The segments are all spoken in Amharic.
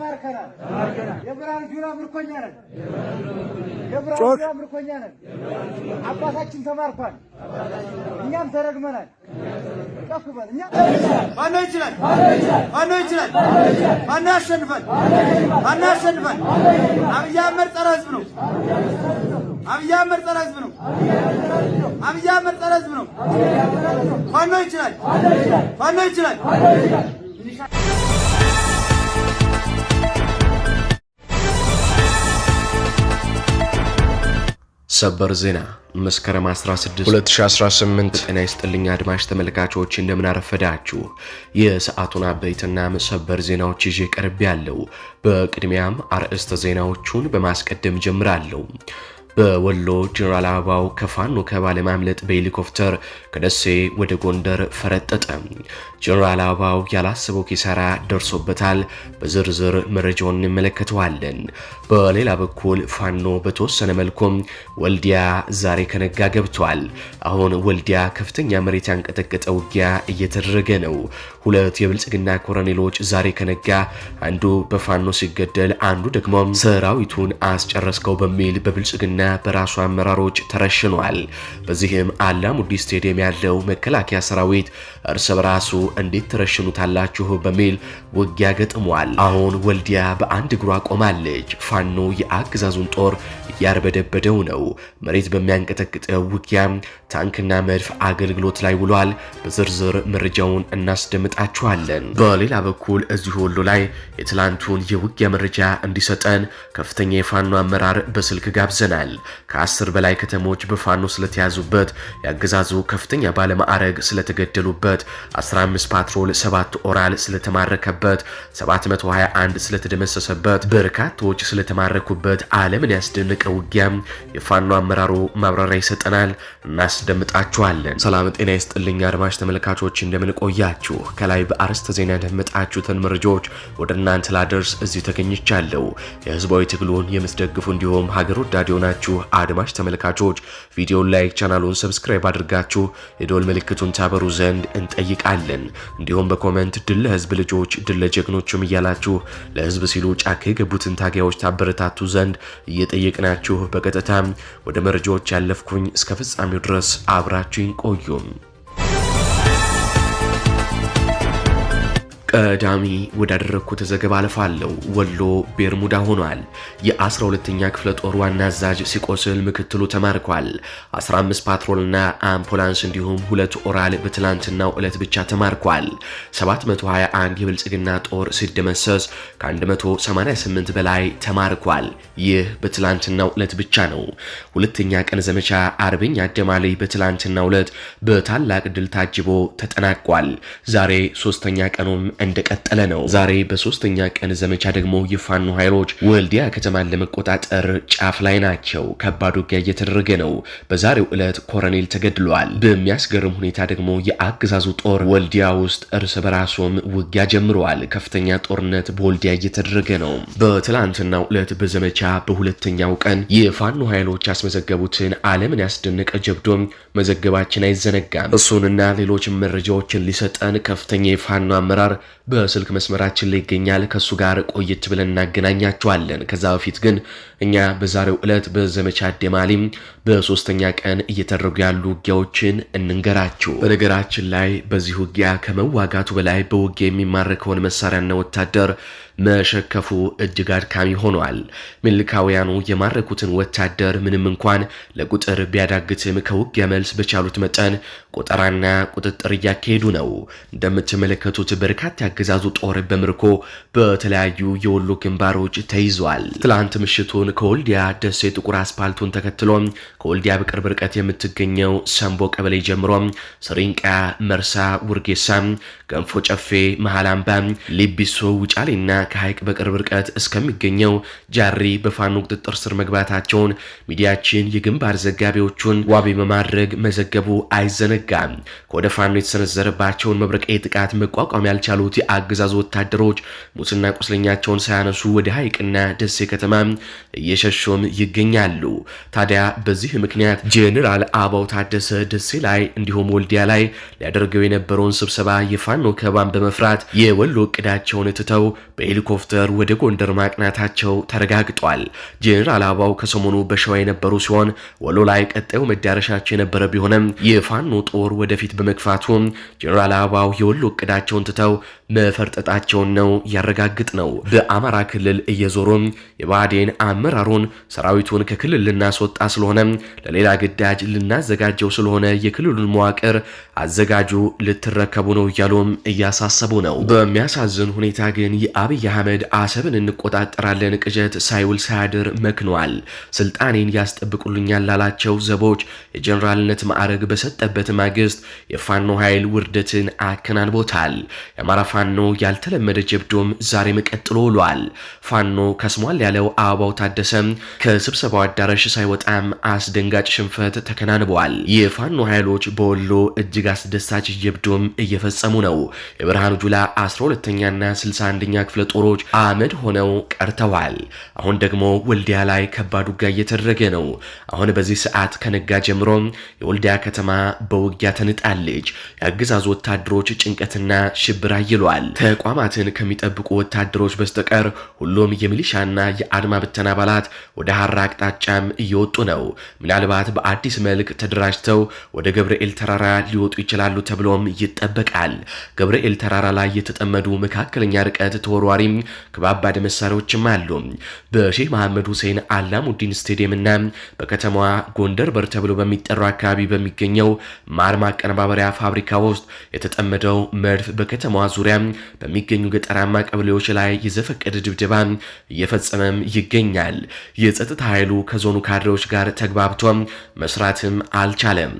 ተማርከናል። የብርሃን ጁራ ምርኮኛ ነን። የብርሃን ጁራ ምርኮኛ ነን። አባታችን ተማርኳል፣ እኛም ተረግመናል። ከፍ በል እኛ ማን ይችላል? ማን ይችላል? ማን ያሸንፋል? ማን ያሸንፋል? አብይ አህመድ ጸረ ሕዝብ ነው። አብይ አህመድ ጸረ ሕዝብ ነው። አብይ አህመድ ጸረ ሕዝብ ነው። ማን ይችላል? ማን ይችላል? ሰበር ዜና መስከረም 16 2018። ጤና ይስጥልኝ አድማሽ ተመልካቾች እንደምን አረፈዳችሁ። የሰዓቱን አበይትና ሰበር ዜናዎች ይዤ ቀርብ ያለው። በቅድሚያም አርዕስተ ዜናዎቹን በማስቀደም ጀምራለሁ። በወሎ ጀነራል አበባው ከፋኖ ከባለማምለጥ በሄሊኮፕተር ከደሴ ወደ ጎንደር ፈረጠጠ። ጀነራል አበባው ያላሰበው ኪሳራ ደርሶበታል። በዝርዝር መረጃውን እንመለከተዋለን። በሌላ በኩል ፋኖ በተወሰነ መልኩም ወልዲያ ዛሬ ከነጋ ገብቷል። አሁን ወልዲያ ከፍተኛ መሬት ያንቀጠቀጠ ውጊያ እየተደረገ ነው። ሁለት የብልጽግና ኮሎኔሎች ዛሬ ከነጋ አንዱ በፋኖ ሲገደል፣ አንዱ ደግሞ ሰራዊቱን አስጨረስከው በሚል በብልጽግና በፓርቲና በራሱ አመራሮች ተረሽኗል። በዚህም አላሙዲ ስቴዲየም ያለው መከላከያ ሰራዊት እርስ በራሱ እንዴት ተረሽኑታላችሁ በሚል ውጊያ ገጥሟል። አሁን ወልዲያ በአንድ እግሯ ቆማለች። ፋኖ የአገዛዙን ጦር እያርበደበደው ነው። መሬት በሚያንቀጠቅጠው ውጊያ ታንክና መድፍ አገልግሎት ላይ ውሏል። በዝርዝር መረጃውን እናስደምጣችኋለን። በሌላ በኩል እዚሁ ወሎ ላይ የትላንቱን የውጊያ መረጃ እንዲሰጠን ከፍተኛ የፋኖ አመራር በስልክ ጋብዘናል። ይገኛል። ከአስር በላይ ከተሞች በፋኖ ስለተያዙበት የአገዛዙ ከፍተኛ ባለማዕረግ ስለተገደሉበት 15 ፓትሮል 7 ኦራል ስለተማረከበት 721 ስለተደመሰሰበት በርካቶች ስለተማረኩበት ዓለምን ያስደነቀ ውጊያም የፋኖ አመራሩ ማብራሪያ ይሰጠናል። እናስደምጣችኋለን። ሰላም ጤና ይስጥልኝ አድማጭ ተመልካቾች እንደምን ቆያችሁ? ከላይ በአርዕስተ ዜና ያደመጣችሁትን መረጃዎች ወደ እናንተ ላደርስ እዚሁ ተገኝቻለሁ። የህዝባዊ ትግሉን የምትደግፉ እንዲሁም ሀገር ወዳድ የሆናችሁ የተወደዳችሁ አድማጭ ተመልካቾች ቪዲዮን ላይክ፣ ቻናሉን ሰብስክራይብ አድርጋችሁ የዶል ምልክቱን ታበሩ ዘንድ እንጠይቃለን። እንዲሁም በኮመንት ድል ለህዝብ ልጆች ድል ለጀግኖችም እያላችሁ ለህዝብ ሲሉ ጫካ የገቡትን ታጋዮች ታበረታቱ ዘንድ እየጠየቅናችሁ በቀጥታ ወደ መረጃዎች ያለፍኩኝ እስከ ፍጻሜው ድረስ አብራችሁን ቆዩም። ቀዳሚ ወዳደረግኩት ዘገባ አልፋለሁ። ወሎ ቤርሙዳ ሆኗል። የ12ኛ ክፍለ ጦር ዋና አዛዥ ሲቆስል ምክትሉ ተማርኳል። 15 ፓትሮልና አምፑላንስ እንዲሁም ሁለት ኦራል በትላንትናው ዕለት ብቻ ተማርኳል። 721 የብልጽግና ጦር ሲደመሰስ ከ188 በላይ ተማርኳል። ይህ በትላንትናው ዕለት ብቻ ነው። ሁለተኛ ቀን ዘመቻ አርበኛ አደማላይ በትላንትናው ዕለት በታላቅ ድል ታጅቦ ተጠናቋል። ዛሬ ሶስተኛ ቀኑም እንደቀጠለ ነው። ዛሬ በሶስተኛ ቀን ዘመቻ ደግሞ የፋኖ ኃይሎች ወልዲያ ከተማን ለመቆጣጠር ጫፍ ላይ ናቸው። ከባድ ውጊያ እየተደረገ ነው። በዛሬው ዕለት ኮረኔል ተገድሏል። በሚያስገርም ሁኔታ ደግሞ የአገዛዙ ጦር ወልዲያ ውስጥ እርስ በራሱም ውጊያ ጀምረዋል። ከፍተኛ ጦርነት በወልዲያ እየተደረገ ነው። በትላንትናው ዕለት በዘመቻ በሁለተኛው ቀን የፋኖ ኃይሎች ያስመዘገቡትን ዓለምን ያስደነቀ ጀብዶም መዘገባችን አይዘነጋም። እሱንና ሌሎች መረጃዎችን ሊሰጠን ከፍተኛ የፋኖ አመራር በስልክ መስመራችን ላይ ይገኛል። ከእሱ ጋር ቆየት ብለን እናገናኛችኋለን። ከዛ በፊት ግን እኛ በዛሬው ዕለት በዘመቻ ደማሊም በሶስተኛ ቀን እየተደረጉ ያሉ ውጊያዎችን እንንገራችሁ። በነገራችን ላይ በዚህ ውጊያ ከመዋጋቱ በላይ በውጊያ የሚማረከውን መሳሪያና ወታደር መሸከፉ እጅግ አድካሚ ሆኗል። ምልካውያኑ የማረኩትን ወታደር ምንም እንኳን ለቁጥር ቢያዳግትም ከውጊያ መልስ በቻሉት መጠን ቆጠራና ቁጥጥር እያካሄዱ ነው። እንደምትመለከቱት በርካታ ያገዛዙ ጦር በምርኮ በተለያዩ የወሎ ግንባሮች ተይዟል። ትላንት ምሽቱን ከወልዲያ ደሴ ጥቁር አስፓልቱን ተከትሎ ከወልዲያ በቅርብ ርቀት የምትገኘው ሰንቦ ቀበሌ ጀምሮ ስሪንቃ፣ መርሳ፣ ውርጌሳ፣ ገንፎ ጨፌ፣ መሃል አምባ፣ ሊቢሶ፣ ውጫሌና ከሀይቅ በቅርብ ርቀት እስከሚገኘው ጃሪ በፋኖ ቁጥጥር ስር መግባታቸውን ሚዲያችን የግንባር ዘጋቢዎቹን ዋቢ በማድረግ መዘገቡ አይዘነጋም። ከወደ ፋኖ የተሰነዘረባቸውን መብረቃዊ ጥቃት መቋቋም ያልቻሉት የአገዛዙ ወታደሮች ሙስና ቁስለኛቸውን ሳያነሱ ወደ ሐይቅና ደሴ ከተማ እየሸሹም ይገኛሉ። ታዲያ በዚህ ምክንያት ጄኔራል አበባው ታደሰ ደሴ ላይ እንዲሁም ወልዲያ ላይ ሊያደርገው የነበረውን ስብሰባ የፋኖ ከባን በመፍራት የወሎ እቅዳቸውን ትተው በሄሊኮፕተር ወደ ጎንደር ማቅናታቸው ተረጋግጧል። ጄኔራል አበባው ከሰሞኑ በሸዋ የነበሩ ሲሆን ወሎ ላይ ቀጣዩ መዳረሻቸው የነበረ ቢሆንም የፋኖ ጦር ወደፊት በመግፋቱ ጄኔራል አበባው የወሎ እቅዳቸውን ትተው መፈርጠጣቸውን ነው ያረጋግጥ ነው። በአማራ ክልል እየዞሩም የባዴን አመራሩን ሰራዊቱን ከክልል ልናስወጣ ስለሆነ ለሌላ ግዳጅ ልናዘጋጀው ስለሆነ የክልሉን መዋቅር አዘጋጁ ልትረከቡ ነው እያሉም እያሳሰቡ ነው። በሚያሳዝን ሁኔታ ግን የአብይ አህመድ አሰብን እንቆጣጠራለን ቅዠት ሳይውል ሳያድር መክኗል። ስልጣኔን ያስጠብቁልኛል ላላቸው ዘቦች የጀኔራልነት ማዕረግ በሰጠበት ማግስት የፋኖ ኃይል ውርደትን አከናንቦታል። የአማራ ፋኖ ያልተለመደ ጀብዶም ዛሬም ቀጥሎ ውሏል። ፋኖ ከስሟል ያለው አበባው ታደሰም ከስብሰባው አዳራሽ ሳይወጣም አስደንጋጭ ሽንፈት ተከናንበዋል። የፋኖ ኃይሎች በወሎ እጅግ አስደሳች ጀብዶም እየፈጸሙ ነው። የብርሃኑ ጁላ 12ኛና 61ኛ ክፍለ ጦሮች አመድ ሆነው ቀርተዋል። አሁን ደግሞ ወልዲያ ላይ ከባድ ውጊያ እየተደረገ ነው። አሁን በዚህ ሰዓት ከነጋ ጀምሮ የወልዲያ ከተማ በውጊያ ተንጣለች። የአገዛዙ ወታደሮች ጭንቀትና ሽብር አይሏል። ብሏል። ተቋማትን ከሚጠብቁ ወታደሮች በስተቀር ሁሉም የሚሊሻና የአድማ ብተና አባላት ወደ ሀራ አቅጣጫም እየወጡ ነው። ምናልባት በአዲስ መልክ ተደራጅተው ወደ ገብርኤል ተራራ ሊወጡ ይችላሉ ተብሎም ይጠበቃል። ገብርኤል ተራራ ላይ የተጠመዱ መካከለኛ ርቀት ተወርዋሪም ከባባድ መሳሪያዎችም አሉ። በሼህ መሐመድ ሁሴን አላሙዲን እና በከተማዋ ጎንደር በር ተብሎ በሚጠራው አካባቢ በሚገኘው ማር ማቀነባበሪያ ፋብሪካ ውስጥ የተጠመደው መድፍ በከተማዋ ዙሪያ በሚገኙ ገጠራማ ቀበሌዎች ላይ የዘፈቀደ ድብደባ እየፈጸመም ይገኛል። የጸጥታ ኃይሉ ከዞኑ ካድሬዎች ጋር ተግባብቶ መስራትም አልቻለም።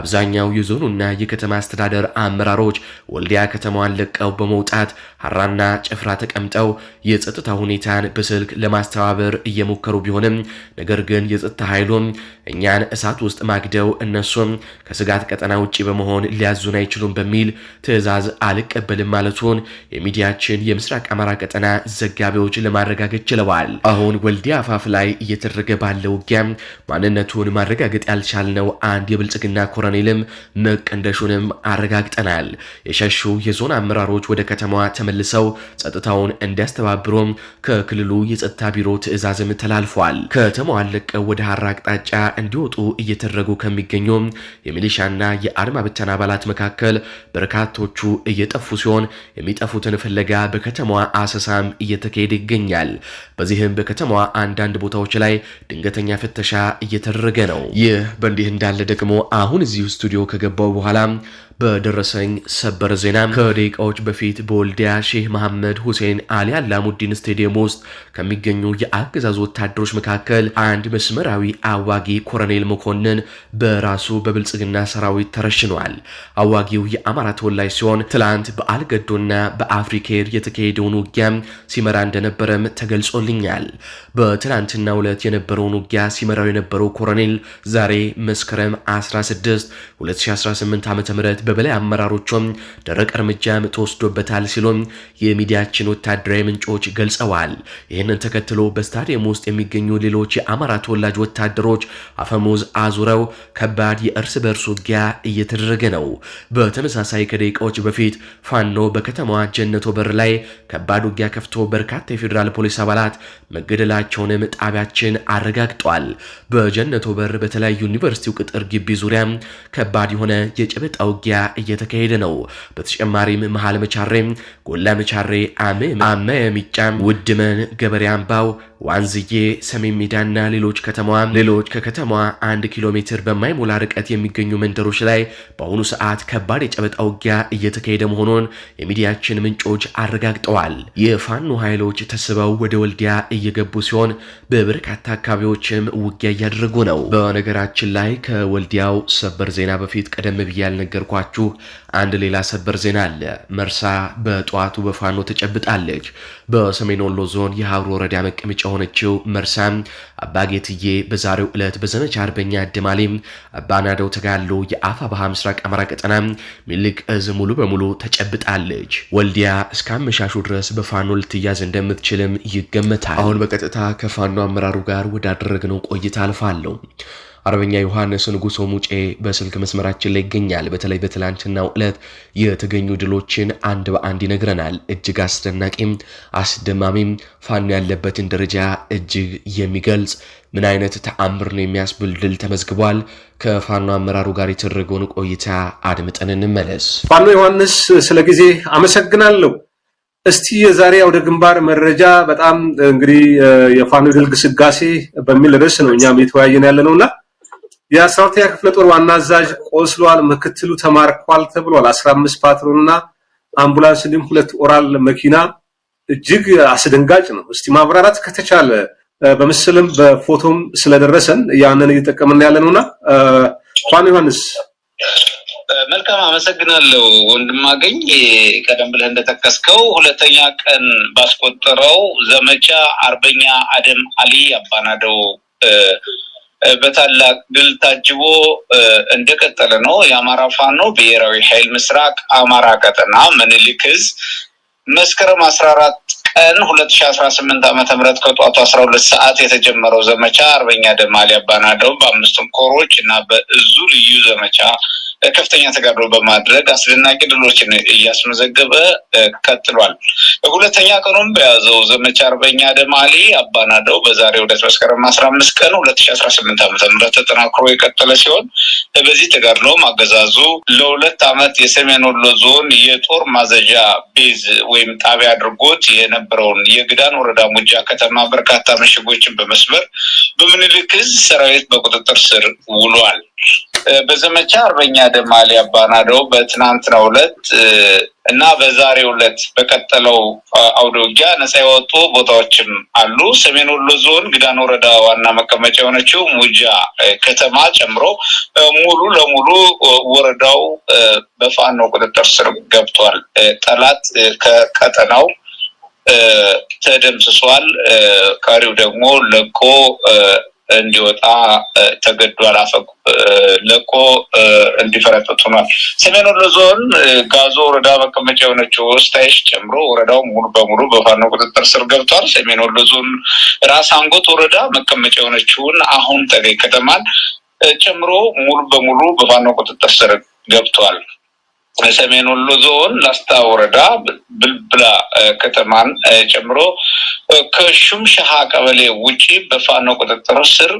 አብዛኛው የዞኑና የከተማ አስተዳደር አመራሮች ወልዲያ ከተማዋን ለቀው በመውጣት ሀራና ጭፍራ ተቀምጠው የጸጥታ ሁኔታን በስልክ ለማስተባበር እየሞከሩ ቢሆንም ነገር ግን የጸጥታ ኃይሉ እኛን እሳት ውስጥ ማግደው እነሱም ከስጋት ቀጠና ውጭ በመሆን ሊያዙን አይችሉም በሚል ትዕዛዝ አልቀበልም ማለቱ መግባቱን የሚዲያችን የምስራቅ አማራ ቀጠና ዘጋቢዎች ለማረጋገጥ ችለዋል። አሁን ወልዲያ አፋፍ ላይ እየተደረገ ባለው ውጊያም ማንነቱን ማረጋገጥ ያልቻልነው አንድ የብልጽግና ኮረኔልም መቀንደሹንም አረጋግጠናል። የሸሹ የዞን አመራሮች ወደ ከተማዋ ተመልሰው ጸጥታውን እንዲያስተባብሩም ከክልሉ የጸጥታ ቢሮ ትዕዛዝም ተላልፏል። ከተማዋን ለቀው ወደ ሀራ አቅጣጫ እንዲወጡ እየተደረጉ ከሚገኙ የሚሊሻና የአድማ ብተና አባላት መካከል በርካቶቹ እየጠፉ ሲሆን የሚጠፉትን ፍለጋ በከተማዋ አሰሳም እየተካሄደ ይገኛል። በዚህም በከተማዋ አንዳንድ ቦታዎች ላይ ድንገተኛ ፍተሻ እየተደረገ ነው። ይህ በእንዲህ እንዳለ ደግሞ አሁን እዚሁ ስቱዲዮ ከገባው በኋላ በደረሰኝ ሰበር ዜና ከደቂቃዎች በፊት በወልዲያ ሼህ መሐመድ ሁሴን አሊ አላሙዲን ስቴዲየም ውስጥ ከሚገኙ የአገዛዙ ወታደሮች መካከል አንድ መስመራዊ አዋጊ ኮረኔል መኮንን በራሱ በብልጽግና ሰራዊት ተረሽኗል። አዋጊው የአማራ ተወላጅ ሲሆን ትላንት በአልገዶና በአፍሪኬር የተካሄደውን ውጊያም ሲመራ እንደነበረም ተገልጾልኛል። በትላንትና ዕለት የነበረውን ውጊያ ሲመራው የነበረው ኮረኔል ዛሬ መስከረም 16 2018 ዓ ም በበላይ አመራሮቿም ደረቅ እርምጃ ተወስዶበታል ሲሉም የሚዲያችን ወታደራዊ ምንጮች ገልጸዋል። ይህንን ተከትሎ በስታዲየም ውስጥ የሚገኙ ሌሎች የአማራ ተወላጅ ወታደሮች አፈሙዝ አዙረው ከባድ የእርስ በእርስ ውጊያ እየተደረገ ነው። በተመሳሳይ ከደቂቃዎች በፊት ፋኖ በከተማዋ ጀነቶ በር ላይ ከባድ ውጊያ ከፍቶ በርካታ የፌዴራል ፖሊስ አባላት መገደላቸውንም ጣቢያችን አረጋግጧል። በጀነቶ በር በተለያዩ ዩኒቨርሲቲው ቅጥር ግቢ ዙሪያ ከባድ የሆነ የጨበጣ ውጊያ እየተካሄደ ነው። በተጨማሪም መሃል መቻሬ፣ ጎላ መቻሬ፣ አሜ አሜ ሚጫም፣ ውድመን፣ ገበሬ አምባው ዋንዝዬ፣ ሰሜን ሜዳና ሌሎች ከተማዋ ሌሎች ከከተማዋ አንድ ኪሎ ሜትር በማይሞላ ርቀት የሚገኙ መንደሮች ላይ በአሁኑ ሰዓት ከባድ የጨበጣ ውጊያ እየተካሄደ መሆኑን የሚዲያችን ምንጮች አረጋግጠዋል። የፋኖ ኃይሎች ተስበው ወደ ወልዲያ እየገቡ ሲሆን በበርካታ አካባቢዎችም ውጊያ እያደረጉ ነው። በነገራችን ላይ ከወልዲያው ሰበር ዜና በፊት ቀደም ብዬ ያልነገርኳችሁ አንድ ሌላ ሰበር ዜና አለ። መርሳ በጠዋቱ በፋኖ ተጨብጣለች። በሰሜን ወሎ ዞን የሀብሩ ወረዳ መቀመጫ የሆነችው መርሳ አባጌትዬ በዛሬው ዕለት በዘመቻ አርበኛ ደማሌ አባናደው ተጋድሎ የአፋ ባህ ምስራቅ አማራ ቀጠና ሚልቅ እዝ ሙሉ በሙሉ ተጨብጣለች። ወልዲያ እስከ አመሻሹ ድረስ በፋኖ ልትያዝ እንደምትችልም ይገመታል። አሁን በቀጥታ ከፋኖ አመራሩ ጋር ወዳደረግነው ቆይታ አልፋለሁ። አርበኛ ዮሐንስ ንጉሶ ሙጬ በስልክ መስመራችን ላይ ይገኛል። በተለይ በትላንትናው ዕለት የተገኙ ድሎችን አንድ በአንድ ይነግረናል። እጅግ አስደናቂም አስደማሚም ፋኖ ያለበትን ደረጃ እጅግ የሚገልጽ ምን አይነት ተአምር ነው የሚያስብል ድል ተመዝግቧል። ከፋኖ አመራሩ ጋር የተደረገውን ቆይታ አድምጠን እንመለስ። ፋኖ ዮሐንስ ስለ ጊዜ አመሰግናለሁ። እስቲ የዛሬ አውደ ግንባር መረጃ በጣም እንግዲህ የፋኖ ድል ግስጋሴ በሚል ርዕስ ነው እኛም የተወያየን ያለ ነውና የአስራተኛ ክፍለ ጦር ዋና አዛዥ ቆስሏል፣ ምክትሉ ተማርኳል ተብሏል። 15 ፓትሮንና አምቡላንስ እንዲሁም ሁለት ኦራል መኪና እጅግ አስደንጋጭ ነው። እስቲ ማብራራት ከተቻለ በምስልም በፎቶም ስለደረሰን ያንን እየጠቀምን ያለ ነውና ኳን ዮሐንስ መልካም አመሰግናለሁ። ወንድማገኝ ቀደም ብለህ እንደጠቀስከው ሁለተኛ ቀን ባስቆጠረው ዘመቻ አርበኛ አደም አሊ አባናደው በታላቅ ድል ታጅቦ እንደቀጠለ ነው። የአማራ ፋኖ ብሔራዊ ኃይል ምስራቅ አማራ ቀጠና ምኒልክ መስከረም አስራ አራት ቀን ሁለት ሺ አስራ ስምንት ዓመተ ምህረት ከጧቱ አስራ ሁለት ሰዓት የተጀመረው ዘመቻ አርበኛ ደማሊ አባናደው በአምስቱም ኮሮች እና በእዙ ልዩ ዘመቻ ከፍተኛ ተጋድሎ በማድረግ አስደናቂ ድሎችን እያስመዘገበ ቀጥሏል። በሁለተኛ ቀኑም በያዘው ዘመቻ አርበኛ አደም አሊ አባናደው በዛሬ ሁለት መስከረም አስራ አምስት ቀን ሁለት ሺ አስራ ስምንት ዓመተ ምህረት ተጠናክሮ የቀጠለ ሲሆን በዚህ ተጋድሎም አገዛዙ ለሁለት ዓመት የሰሜን ወሎ ዞን የጦር ማዘዣ ቤዝ ወይም ጣቢያ አድርጎት የነበረውን የግዳን ወረዳ ሙጃ ከተማ በርካታ ምሽጎችን በመስበር በምኒልክ ሰራዊት በቁጥጥር ስር ውሏል። በዘመቻ አርበኛ ደማሊ አባናደው በትናንትናው ሁለት እና በዛሬ ሁለት በቀጠለው አውደ ውጊያ ነፃ የወጡ ቦታዎችም አሉ። ሰሜን ወሎ ዞን ግዳን ወረዳ ዋና መቀመጫ የሆነችው ሙጃ ከተማ ጨምሮ ሙሉ ለሙሉ ወረዳው በፋኖ ቁጥጥር ስር ገብቷል። ጠላት ከቀጠናው ተደምስሷል። ቀሪው ደግሞ ለቆ እንዲወጣ ተገዷል። አፈቁ ለቆ እንዲፈረጥጥ ሆኗል። ሰሜን ወሎ ዞን ጋዞ ወረዳ መቀመጫ የሆነችው ስታይሽ ጨምሮ ወረዳው ሙሉ በሙሉ በፋኖ ቁጥጥር ስር ገብቷል። ሰሜን ወሎ ዞን ራስ አንጎት ወረዳ መቀመጫ የሆነችውን አሁን ተገኝ ከተማን ጨምሮ ሙሉ በሙሉ በፋኖ ቁጥጥር ስር ገብቷል። ሰሜን ወሎ ዞን ላስታ ወረዳ ብልብላ ከተማን ጨምሮ ከሹም ቀበሌ ውጪ በፋኖ ቁጥጥር ስር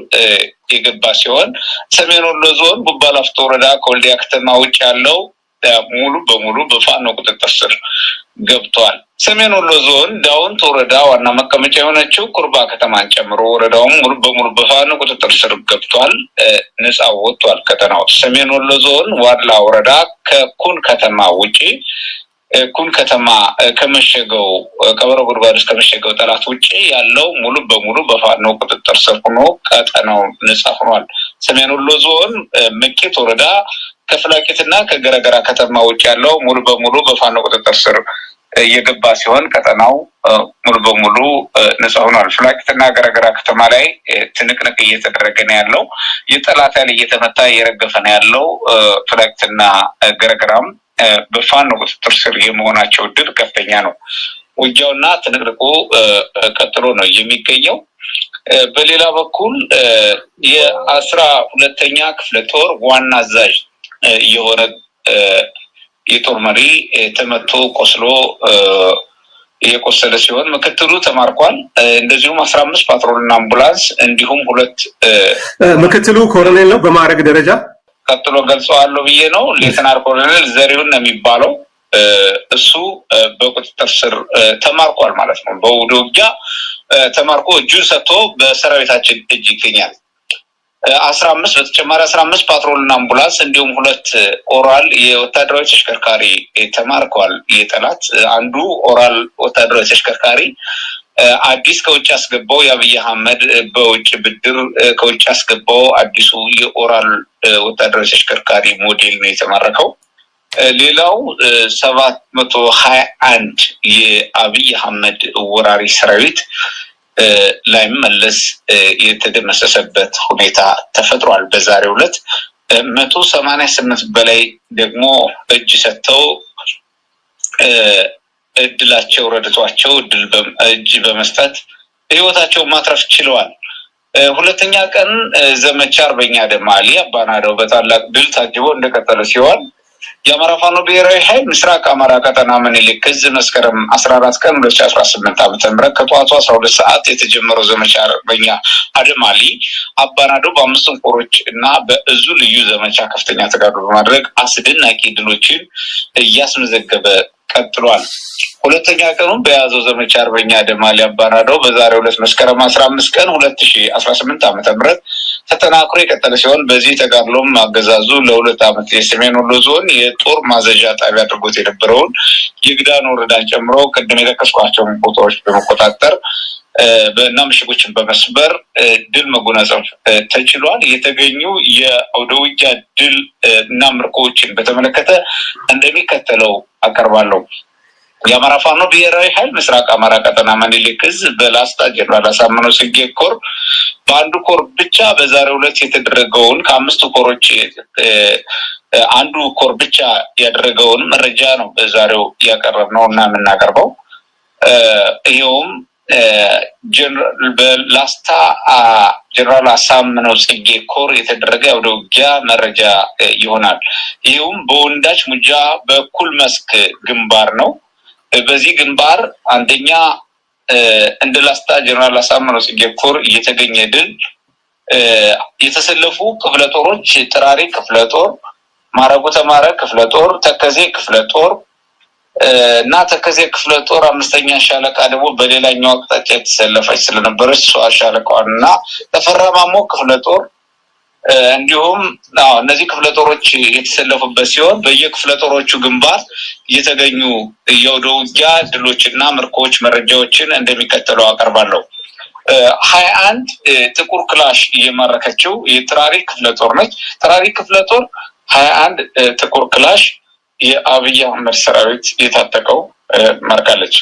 የገባ ሲሆን ሰሜን ወሎ ዞን ቡባ ወረዳ ከወልዲያ ከተማ ውጭ ያለው ሙሉ በሙሉ በፋኖ ቁጥጥር ስር ገብቷል። ሰሜን ወሎ ዞን ዳውንት ወረዳ ዋና መቀመጫ የሆነችው ኩርባ ከተማን ጨምሮ ወረዳውም ሙሉ በሙሉ በፋኖ ቁጥጥር ስር ገብቷል፣ ነጻ ወጥቷል። ከተማው ሰሜን ወሎ ዞን ዋድላ ወረዳ ከኩን ከተማ ውጪ ኩን ከተማ ከመሸገው ቀበሮ ጉድጓድ ውስጥ ከመሸገው ጠላት ውጭ ያለው ሙሉ በሙሉ በፋኖ ቁጥጥር ስር ሆኖ ቀጠናው ነጻ ሆኗል። ሰሜን ወሎ ዞን ምቂት ወረዳ ከፍላቂትና ከገረገራ ከተማ ውጭ ያለው ሙሉ በሙሉ በፋኖ ቁጥጥር ስር የገባ ሲሆን ቀጠናው ሙሉ በሙሉ ንጹህ ሆኗል። ሹላኪትና ገረገራ ከተማ ላይ ትንቅንቅ እየተደረገ ነው ያለው። የጠላት ኃይል እየተመታ እየረገፈ ነው ያለው። ሹላኪትና ገረገራም በፋኖ ቁጥጥር ስር የመሆናቸው ድል ከፍተኛ ነው። ውጊያውና ትንቅንቁ ቀጥሎ ነው የሚገኘው። በሌላ በኩል የአስራ ሁለተኛ ክፍለ ጦር ዋና አዛዥ የሆነ የጦር መሪ ተመቶ ቆስሎ የቆሰለ ሲሆን ምክትሉ ተማርኳል። እንደዚሁም አስራ አምስት ፓትሮልና አምቡላንስ እንዲሁም ሁለት ምክትሉ ኮሎኔል ነው በማዕረግ ደረጃ ቀጥሎ ገልጸዋለሁ ብዬ ነው። ሌተናር ኮሎኔል ዘሪሁን ነው የሚባለው እሱ በቁጥጥር ስር ተማርኳል ማለት ነው። በውድ ውጊያ ተማርኮ እጁን ሰጥቶ በሰራዊታችን እጅ ይገኛል። አስራ አምስት በተጨማሪ አስራ አምስት ፓትሮልና አምቡላንስ እንዲሁም ሁለት ኦራል የወታደራዊ ተሽከርካሪ ተማርከዋል። የጠላት አንዱ ኦራል ወታደራዊ ተሽከርካሪ አዲስ ከውጭ አስገባው የአብይ አህመድ በውጭ ብድር ከውጭ አስገባው አዲሱ የኦራል ወታደራዊ ተሽከርካሪ ሞዴል ነው የተማረከው። ሌላው ሰባት መቶ ሀያ አንድ የአብይ አህመድ ወራሪ ሰራዊት ላይመለስ የተደመሰሰበት ሁኔታ ተፈጥሯል። በዛሬው ዕለት መቶ ሰማንያ ስምንት በላይ ደግሞ እጅ ሰጥተው እድላቸው ረድቷቸው እድል እጅ በመስጠት ህይወታቸውን ማትረፍ ችለዋል። ሁለተኛ ቀን ዘመቻ አርበኛ አደም አሊ በታላቅ ድል ታጅቦ እንደቀጠለ ሲሆን የአማራ ፋኖ ብሔራዊ ኃይል ምስራቅ አማራ ቀጠና ምኒልክ እዝ መስከረም አስራ አራት ቀን ሁለት ሺ አስራ ስምንት ዓመተ ምህረት ከጠዋቱ አስራ ሁለት ሰዓት የተጀመረው ዘመቻ አርበኛ አደማሊ አባናዶ በአምስቱን ኮሮች እና በእዙ ልዩ ዘመቻ ከፍተኛ ተጋድሎ በማድረግ አስደናቂ ድሎችን እያስመዘገበ ቀጥሏል። ሁለተኛ ቀኑን በያዘው ዘመቻ አርበኛ ደማሊ አባናደው በዛሬው ዕለት መስከረም አስራ አምስት ቀን ሁለት ሺ አስራ ስምንት ዓመተ ምህረት ተጠናክሮ የቀጠለ ሲሆን በዚህ ተጋድሎም አገዛዙ ለሁለት ዓመት የሰሜን ወሎ ዞን የጦር ማዘዣ ጣቢያ አድርጎት የነበረውን ይግዳን ወረዳን ጨምሮ ቅድም የጠቀስኳቸውን ቦታዎች በመቆጣጠር እና ምሽጎችን በመስበር ድል መጎናጸፍ ተችሏል። የተገኙ የአውደ ውጊያ ድል እና ምርኮዎችን በተመለከተ እንደሚከተለው አቀርባለሁ። የአማራ ፋኖ ብሔራዊ ኃይል ምስራቅ አማራ ቀጠና ምኒልክ ዕዝ በላስታ ጀነራል አሳምነው ጽጌ ኮር በአንዱ ኮር ብቻ በዛሬ ሁለት የተደረገውን ከአምስቱ ኮሮች አንዱ ኮር ብቻ ያደረገውን መረጃ ነው በዛሬው ያቀረብነው እና የምናቀርበው ይኸውም ላስታ ጀነራል አሳምነው ጽጌ ኮር የተደረገ ወደ ውጊያ መረጃ ይሆናል። ይህውም በወንዳች ሙጃ በኩል መስክ ግንባር ነው። በዚህ ግንባር አንደኛ እንደ ላስታ ጀነራል አሳምነው ጽጌ ኮር እየተገኘ ድል የተሰለፉ ክፍለ ጦሮች ጥራሪ ክፍለ ጦር፣ ማረጉ ተማረ ክፍለ ጦር፣ ተከዜ ክፍለ ጦር እና ተከዜ ክፍለ ጦር አምስተኛ ሻለቃ ደግሞ በሌላኛው አቅጣጫ የተሰለፈች ስለነበረች እሷ ሻለቃዋን እና ተፈራ ክፍለ ጦር እንዲሁም እነዚህ ክፍለ ጦሮች የተሰለፉበት ሲሆን በየክፍለ ጦሮቹ ግንባር የተገኙ የወደ ውጊያ ድሎችና ምርኮዎች መረጃዎችን እንደሚከተለው አቀርባለሁ። ሀያ አንድ ጥቁር ክላሽ እየማረከችው የትራሪ ክፍለ ጦር ነች። ጥራሪ ክፍለ ጦር ሀያ አንድ ጥቁር ክላሽ የአብይ አህመድ ሰራዊት የታጠቀው ማርካለች።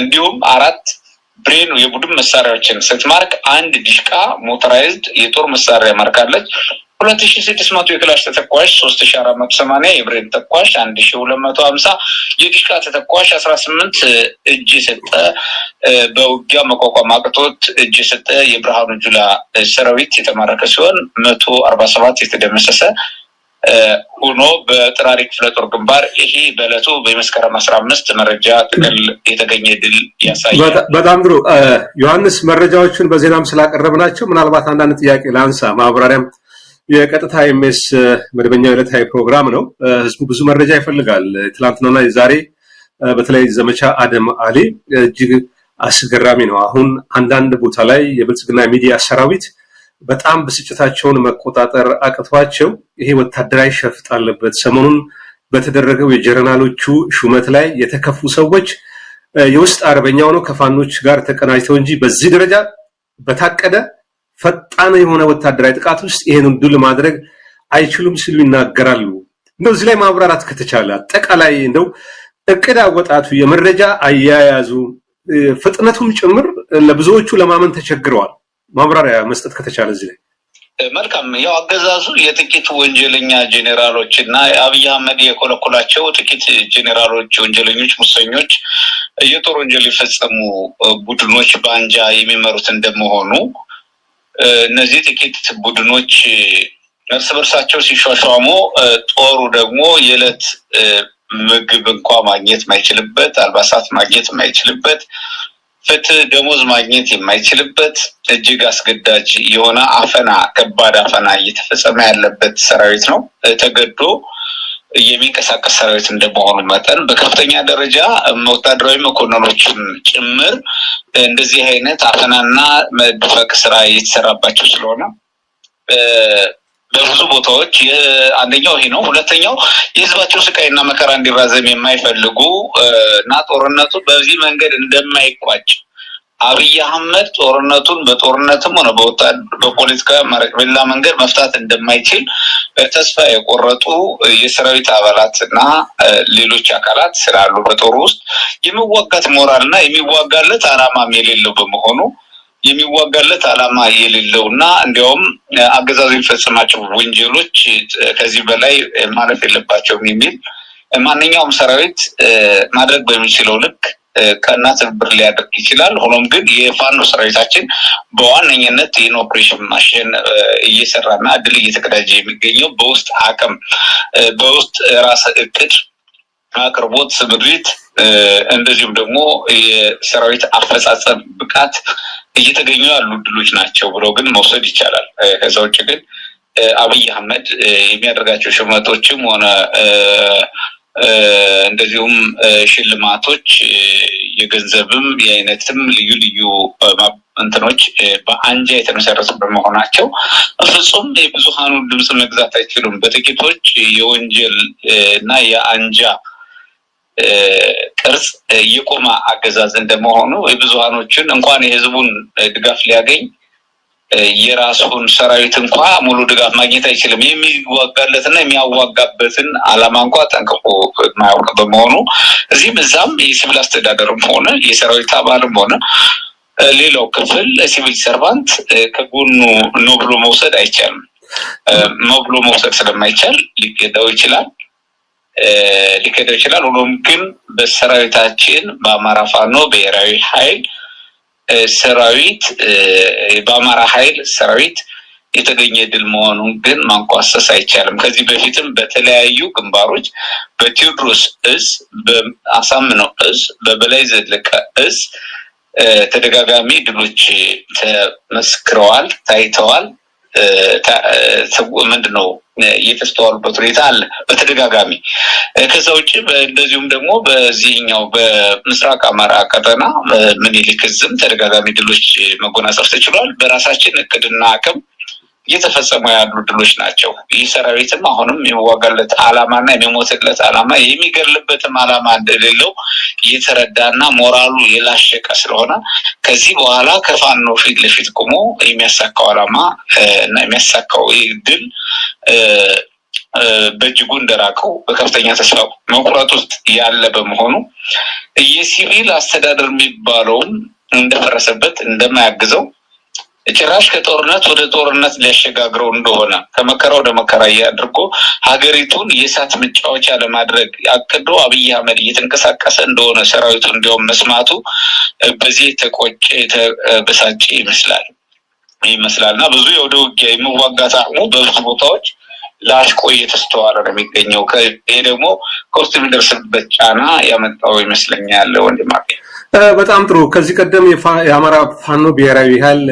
እንዲሁም አራት ብሬኑ የቡድን መሳሪያዎችን ስትማርክ አንድ ዲሽቃ ሞተራይዝድ የጦር መሳሪያ ማርካለች። ሁለት ሺ ስድስት መቶ የክላሽ ተተኳሽ፣ ሶስት ሺ አራት መቶ ሰማኒያ የብሬን ተተኳሽ፣ አንድ ሺ ሁለት መቶ ሀምሳ የዲሽቃ ተተኳሽ፣ አስራ ስምንት እጅ የሰጠ በውጊያ መቋቋም አቅቶት እጅ የሰጠ የብርሃኑ ጁላ ሰራዊት የተማረከ ሲሆን መቶ አርባ ሰባት የተደመሰሰ ሆኖ በጥራሪ ክፍለ ጦር ግንባር ይሄ በእለቱ በመስከረም አስራ አምስት መረጃ ትግል የተገኘ ድል ያሳያል። በጣም ጥሩ ዮሐንስ፣ መረጃዎቹን በዜናም ስላቀረብናቸው ምናልባት አንዳንድ ጥያቄ ለአንሳ ማብራሪያም የቀጥታ ኤምኤስ መደበኛ ዕለታዊ ፕሮግራም ነው። ህዝቡ ብዙ መረጃ ይፈልጋል። ትላንትናና ዛሬ በተለይ ዘመቻ አደም አሊ እጅግ አስገራሚ ነው። አሁን አንዳንድ ቦታ ላይ የብልጽግና ሚዲያ ሰራዊት በጣም ብስጭታቸውን መቆጣጠር አቅቷቸው ይሄ ወታደራዊ ሸፍጥ አለበት ሰሞኑን በተደረገው የጀረናሎቹ ሹመት ላይ የተከፉ ሰዎች የውስጥ አርበኛው ነው ከፋኖች ጋር ተቀናጅተው እንጂ በዚህ ደረጃ በታቀደ ፈጣን የሆነ ወታደራዊ ጥቃት ውስጥ ይሄንን ድል ማድረግ አይችሉም ሲሉ ይናገራሉ። እንደው እዚህ ላይ ማብራራት ከተቻለ አጠቃላይ እንደው እቅድ አወጣቱ፣ የመረጃ አያያዙ፣ ፍጥነቱም ጭምር ለብዙዎቹ ለማመን ተቸግረዋል። ማብራሪያ መስጠት ከተቻለ እዚህ ላይ መልካም። ያው አገዛዙ የጥቂት ወንጀለኛ ጄኔራሎች እና አብይ አህመድ የኮለኮላቸው ጥቂት ጄኔራሎች፣ ወንጀለኞች፣ ሙሰኞች፣ የጦር ወንጀል የፈጸሙ ቡድኖች በአንጃ የሚመሩት እንደመሆኑ እነዚህ ጥቂት ቡድኖች እርስ በርሳቸው ሲሿሿሙ ጦሩ ደግሞ የዕለት ምግብ እንኳ ማግኘት ማይችልበት፣ አልባሳት ማግኘት ማይችልበት ፍትህ ደሞዝ ማግኘት የማይችልበት እጅግ አስገዳጅ የሆነ አፈና፣ ከባድ አፈና እየተፈጸመ ያለበት ሰራዊት ነው። ተገዶ የሚንቀሳቀስ ሰራዊት እንደመሆኑ መጠን በከፍተኛ ደረጃ ወታደራዊ መኮንኖችን ጭምር እንደዚህ አይነት አፈናና መድፈቅ ስራ እየተሰራባቸው ስለሆነ በብዙ ቦታዎች አንደኛው ይሄ ነው። ሁለተኛው የህዝባቸው ስቃይና መከራ እንዲራዘም የማይፈልጉ እና ጦርነቱ በዚህ መንገድ እንደማይቋጭ አብይ አህመድ ጦርነቱን በጦርነትም ሆነ በፖለቲካ መላ መንገድ መፍታት እንደማይችል ተስፋ የቆረጡ የሰራዊት አባላት እና ሌሎች አካላት ስላሉ በጦሩ ውስጥ የሚዋጋት ሞራል እና የሚዋጋለት አላማም የሌለው በመሆኑ የሚዋጋለት አላማ የሌለው እና እንዲያውም አገዛዙ የሚፈጽማቸው ወንጀሎች ከዚህ በላይ ማለፍ የለባቸውም የሚል ማንኛውም ሰራዊት ማድረግ በሚችለው ልክ ከእና ትብብር ሊያደርግ ይችላል። ሆኖም ግን የፋኖ ሰራዊታችን በዋነኝነት ይህን ኦፕሬሽን ማሽን እየሰራና ድል እየተቀዳጀ የሚገኘው በውስጥ አቅም በውስጥ ራስ እቅድ አቅርቦት ስምሪት፣ እንደዚሁም ደግሞ የሰራዊት አፈጻጸም ብቃት እየተገኙ ያሉ ድሎች ናቸው ብሎ ግን መውሰድ ይቻላል። ከዛ ውጭ ግን አብይ አህመድ የሚያደርጋቸው ሽመቶችም ሆነ እንደዚሁም ሽልማቶች የገንዘብም የአይነትም ልዩ ልዩ እንትኖች በአንጃ የተመሰረቱ በመሆናቸው ፍጹም የብዙሃኑ ድምፅ መግዛት አይችሉም። በጥቂቶች የወንጀል እና የአንጃ ቅርጽ የቆመ አገዛዝ እንደመሆኑ የብዙሀኖችን እንኳን የህዝቡን ድጋፍ ሊያገኝ የራሱን ሰራዊት እንኳ ሙሉ ድጋፍ ማግኘት አይችልም። የሚዋጋለትና የሚያዋጋበትን አላማ እንኳ ጠንቅቆ የማያውቅ በመሆኑ እዚህም እዛም የሲቪል አስተዳደርም ሆነ የሰራዊት አባልም ሆነ ሌላው ክፍል ሲቪል ሰርቫንት ከጎኑ ኖብሎ ብሎ መውሰድ አይቻልም። ነው ብሎ መውሰድ ስለማይቻል ሊገዳው ይችላል። ሊከደው ይችላል። ሆኖም ግን በሰራዊታችን በአማራ ፋኖ ብሔራዊ ኃይል ሰራዊት በአማራ ኃይል ሰራዊት የተገኘ ድል መሆኑን ግን ማንቋሰስ አይቻልም። ከዚህ በፊትም በተለያዩ ግንባሮች በቴዎድሮስ እዝ፣ በአሳምነው እዝ፣ በበላይ ዘለቀ እዝ ተደጋጋሚ ድሎች ተመስክረዋል፣ ታይተዋል። ምንድን ነው የተስተዋሉበት ሁኔታ አለ በተደጋጋሚ። ከዛ ውጭ እንደዚሁም ደግሞ በዚህኛው በምስራቅ አማራ ቀጠና ምኒልክ ተደጋጋሚ ድሎች መጎናጸፍ ተችሏል። በራሳችን እቅድና አቅም እየተፈጸሙ ያሉ ድሎች ናቸው። ይህ ሰራዊትም አሁንም የሚዋጋለት አላማና የሚሞትለት አላማ የሚገልበትም አላማ እንደሌለው እየተረዳና ሞራሉ የላሸቀ ስለሆነ ከዚህ በኋላ ከፋኖ ፊት ለፊት ቆሞ የሚያሳካው አላማ እና የሚያሳካው ይህ ድል በእጅጉ እንደራቀው በከፍተኛ ተስፋ መቁረጥ ውስጥ ያለ በመሆኑ የሲቪል አስተዳደር የሚባለውም እንደፈረሰበት እንደማያግዘው ጭራሽ ከጦርነት ወደ ጦርነት ሊያሸጋግረው እንደሆነ ከመከራ ወደ መከራ እያድርጎ ሀገሪቱን የእሳት መጫወቻ ለማድረግ አቅዶ አብይ አህመድ እየተንቀሳቀሰ እንደሆነ ሰራዊቱ እንዲያውም መስማቱ በዚህ የተቆጨ የተበሳጨ ይመስላል ይመስላል እና ብዙ የወደ ውጊያ የመዋጋት አቅሙ በብዙ ቦታዎች ላሽቆ እየተስተዋለ ነው የሚገኘው። ይሄ ደግሞ ከውስጥ የሚደርስበት ጫና ያመጣው ይመስለኛል። ወንድማ በጣም ጥሩ። ከዚህ ቀደም የአማራ ፋኖ ብሔራዊ ኃይል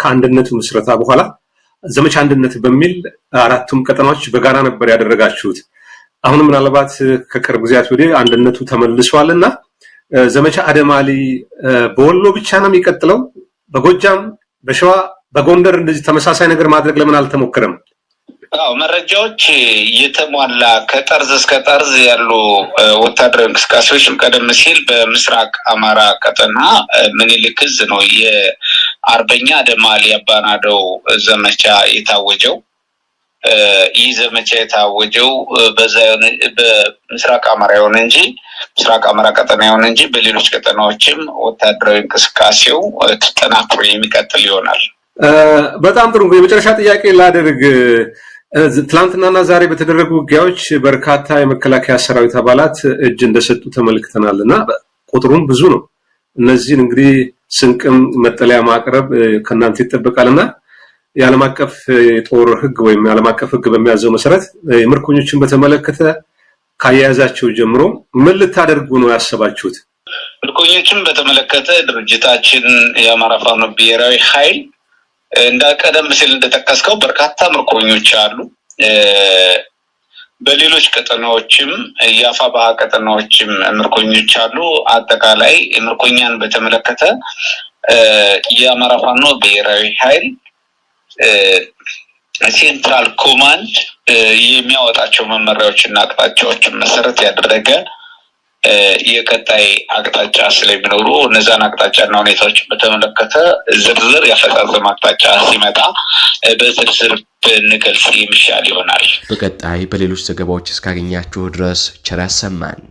ከአንድነቱ ምስረታ በኋላ ዘመቻ አንድነት በሚል አራቱም ቀጠናዎች በጋራ ነበር ያደረጋችሁት። አሁን ምናልባት ከቅርብ ጊዜያት ወዲህ አንድነቱ ተመልሷል እና ዘመቻ አደማሊ በወሎ ብቻ ነው የሚቀጥለው? በጎጃም፣ በሸዋ፣ በጎንደር እንደዚህ ተመሳሳይ ነገር ማድረግ ለምን አልተሞከረም? አዎ መረጃዎች የተሟላ ከጠርዝ እስከ ጠርዝ ያሉ ወታደራዊ እንቅስቃሴዎችም ቀደም ሲል በምስራቅ አማራ ቀጠና ምኒልክ ዕዝ ነው የአርበኛ ደማል ያባናደው ዘመቻ የታወጀው። ይህ ዘመቻ የታወጀው በምስራቅ አማራ የሆነ እንጂ ምስራቅ አማራ ቀጠና የሆነ እንጂ በሌሎች ቀጠናዎችም ወታደራዊ እንቅስቃሴው ተጠናክሮ የሚቀጥል ይሆናል። በጣም ጥሩ። የመጨረሻ ጥያቄ ላደርግ ትላንትናና ዛሬ በተደረጉ ውጊያዎች በርካታ የመከላከያ ሰራዊት አባላት እጅ እንደሰጡ ተመልክተናል እና ቁጥሩም ብዙ ነው። እነዚህን እንግዲህ ስንቅም መጠለያ ማቅረብ ከእናንተ ይጠበቃል እና የዓለም አቀፍ የጦር ሕግ ወይም የዓለም አቀፍ ሕግ በሚያዘው መሰረት ምርኮኞችን በተመለከተ ካያያዛቸው ጀምሮ ምን ልታደርጉ ነው ያሰባችሁት? ምርኮኞችን በተመለከተ ድርጅታችን የአማራ ፋኖ ብሔራዊ ኃይል እንደ ቀደም ሲል እንደጠቀስከው በርካታ ምርኮኞች አሉ። በሌሎች ቀጠናዎችም የአፋብኃ ቀጠናዎችም ምርኮኞች አሉ። አጠቃላይ ምርኮኛን በተመለከተ የአማራ ፋኖ ብሔራዊ ኃይል ሴንትራል ኮማንድ የሚያወጣቸው መመሪያዎችና አቅጣጫዎችን መሰረት ያደረገ የቀጣይ አቅጣጫ ስለሚኖሩ እነዛን አቅጣጫና ሁኔታዎችን በተመለከተ ዝርዝር የአፈጻጸም አቅጣጫ ሲመጣ በዝርዝር ብንገልጽ የሚሻል ይሆናል። በቀጣይ በሌሎች ዘገባዎች እስካገኛችሁ ድረስ ቸር ያሰማን።